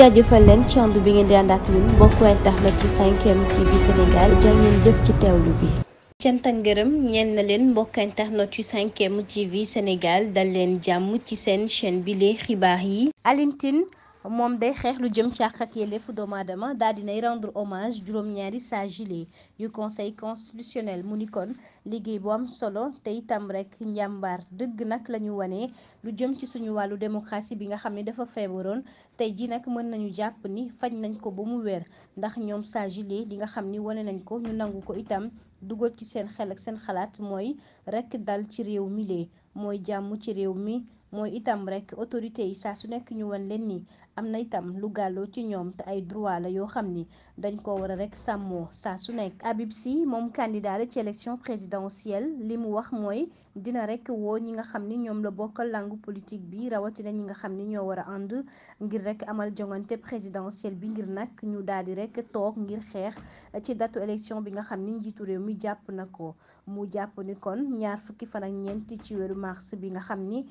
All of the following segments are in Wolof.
jaajëfal leen ci bi ngi di ànd tax ñun mbokku internetu 5M TV Sénégal jaa ngeen jëf ci teewlu bi. cant ak ngërëm na leen mbokk internet yu ci m TV Sénégal dal leen jàmm ci seen chaîne bi xibaar yi Alioune moom day xeex lu jëm ci àq ak yelleefu doomu aadama daal dinay rendre hommage juróom-ñaari sages yile yu conseil constitutionnel mu ni kon liggéey bu am solo te itam rek njàmbaar dëgg nag la ñu wane lu jëm ci suñu wàllu démocratie bi nga xam ne dafa feebaroon tey jii nag mën nañu jàpp ni faj nañ ko ba mu wér ndax ñoom sages yile li nga xam ni wane nañ ko ñu nangu ko itam dugal ci seen xel ak seen xalaat mooy rekk dal ci réew mi mooy jàmm ci réew mi mooy itam rek autorité yi saa su nekk ñu wan leen ni am na itam lu gàlloo ci ñoom te ay droit la yoo xam ni dañ ko war a rek sàmmoo saa su nekk Habib Sy moom candidat la ci élection présidentielle li mu wax mooy dina rek woo ñi nga xam ni ñoom la bokkal langu politique bi rawatina ñi nga xam ni ñoo war a ànd ngir rek amal jongante présidentielle bi ngir nag ñu daal di rek toog ngir xeex ci datu élection bi nga xam ni njiitu réew mi jàpp na ko mu jàpp ni kon ñaar fukki fan ak ñeent ci weeru bi nga xam ni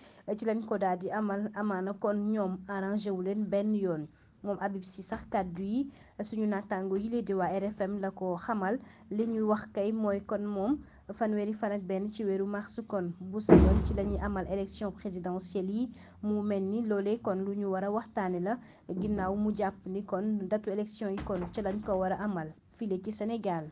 lañ ko daal di amal amaana kon ñoom arrangé wu leen benn yoon moom Habib Sy sax kàddu yi suñu naataango yi lee di waa RFM la ko xamal li ñuy wax kay mooy kon moom fanweeri fan benn ci weeru mars kon bu sañoon ci la amal élection présidentielle yi mu mel ni loolee kon lu ñu war a waxtaane la ginnaaw mu jàpp ni kon datu élection yi kon ci lañ ko war a amal file ci Sénégal